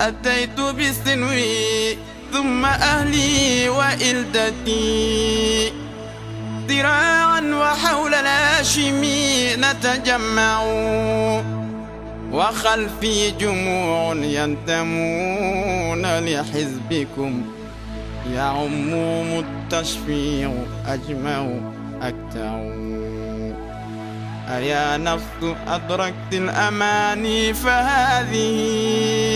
أتيت بسنوي ثم أهلي وإلدتي ذراعا وحول الهاشمي نتجمع وخلفي جموع ينتمون لحزبكم يعمهم التشفيع أجمع أكتعون أيا نفس أدركت الأماني فهذه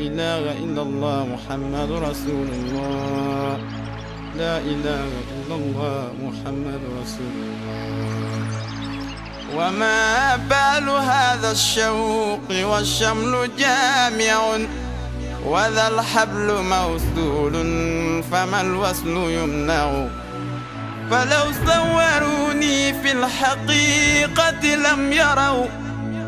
إله إلا الله محمد رسول الله لا إله إلا الله محمد رسول الله وما بال هذا الشوق والشمل جامع وذا الحبل موصول فما الوصل يمنع فلو صوروني في الحقيقة لم يروا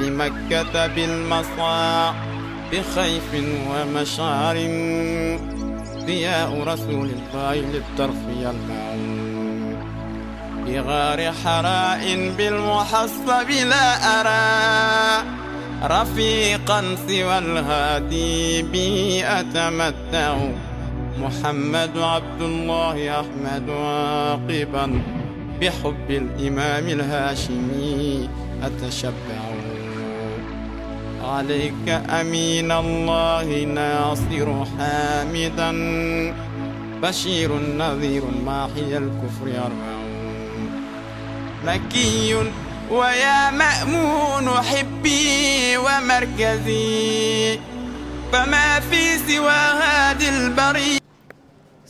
بمكة بالمصاع بخيف ومشعر ضياء رسول الله للترفي المعون بغار حراء بالمحصب لا أرى رفيقا سوى الهادي به أتمتع محمد عبد الله أحمد عاقبا بحب الإمام الهاشمي أتشبع عليك أمين الله ناصر حامدا بشير نذير ماحي الكفر يرعون مكي ويا مأمون حبي ومركزي فما في سوى هذه البرية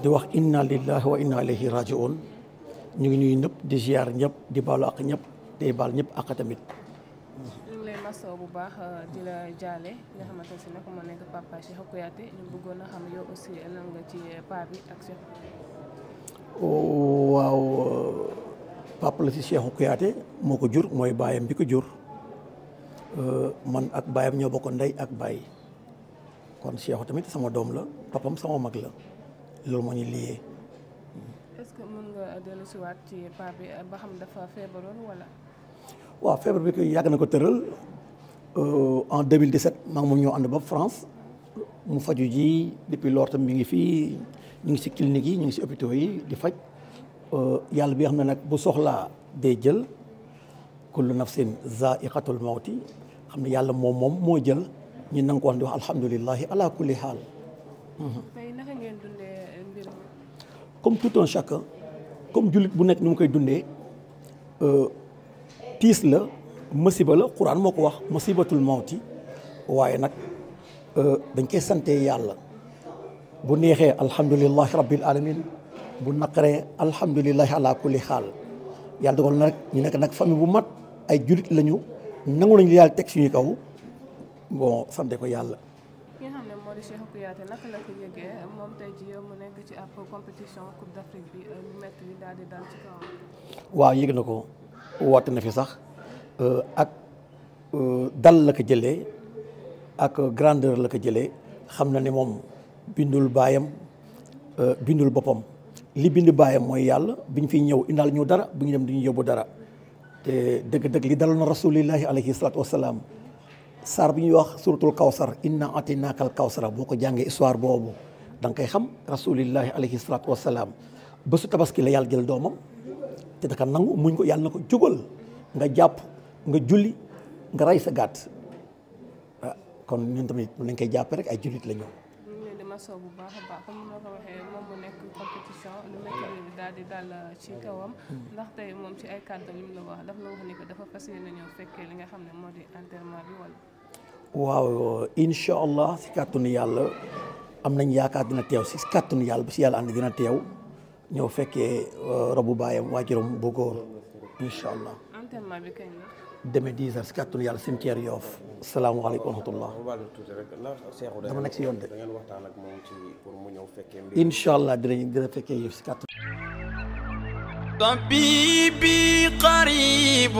di wax inna lillahi wa inna rajo rajiun ñu ngi nuyu ñëpp di ziar ñëpp di baalu ak ñëpp tey baal ñëpp ak tamit. bu baax euh, jaale nga euh, oh, waaw euh, papa la si Cheikh Kouyaté moo ko jur mooy baayam bi ko jur man ak baayam ñoo bokk ndey ak baay kon Cheikh tamit sama doom la papam sama mag la loolu moo ñu liyee. est-ce que mën nga dellusiwaat ci paa bi ba xam dafa feebaroon wala. waaw feebar bi ko yàgg na ko tëral euh, en 2017 maa ngi moom ñoo ànd ba France mu faju ji depuis lors mi ngi fii ñu ngi si clinique yi ñu ngi si hôpitaux yi di faj euh, yàlla bi xam ne nag bu soxlaa day jël kullu nafsin zaiqatul mawti xam ne yàlla moom moom moo jël ñu nanga ko wax di wax alhamdulilahi ala kulli haal. comme tout un chacun comme jullit bu nekk nu mu koy dundee euh, tiis la masiba la xuraan moo ko wax masibatul mawti waaye nag euh, dañ koy sante yàlla bu neexee alhamdulilahi rabbil alamin bu naqaree alhamdulilahi ala kulli xaal yàlla dogal na nag ñu nekk nag famille bu mat ay jullit lañu nangu lañu yàlla teg suñu kaw bon sante ko yàlla moo euh, di waaw yëg na ko woote na fi sax euh, ak euh, dal la ko jëlee ak grandeur la ko jëlee xam na ni moom bindul baayam bindul boppam li bind baayam mooy yàlla biñ fiy ñëw indaal ñu dara bu ñu dem du yóbbu dara te dëgg-dëgg li daloon na rasulillahi alayhi salaatu wa salaam saar bi ñuy wax suratul kawsar inna atinaakal kawsara boo ko jàngee histoire boobu danga nga koy xam rasulillahi alayhi salaatu wasalaam bésu tabaski la yàlla jël doomam te daka nangu muñ ko yàlla na ko jógal nga jàpp nga julli nga rey sa ah, ñun tamit mu lañ koy jàppee ay jullit la ñëw bu baax a baax comme noo ko waxee moom euh, ci kawam hmm. Hmm. ndax tey moom ci ay li mu xam ne moo di enterrement bi wala waaw incha allah si kàttanu yàlla am nañ yaakaar dina teew si kàttanu yàlla bu si yàlla ànd dina teew ñëw fekkee uh, robu baayam waajuram bu góor incha allah. enterrement bi kañ la. demee 10 heures si kàttanu yàlla cimetière Yoff. salaamaaleykum wa rahmatullah. dama nekk si yoon de. incha allah dinañ dina fekkee yëf si kàttanu. طبيبي قريب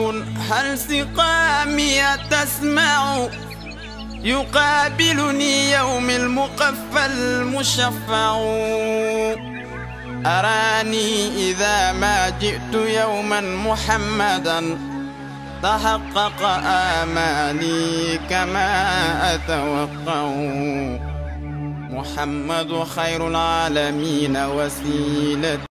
هل سقامي تسمع يقابلني يوم المقفى المشفع أراني إذا ما جئت يوما محمدا تحقق آماني كما أتوقع محمد خير العالمين وسيلة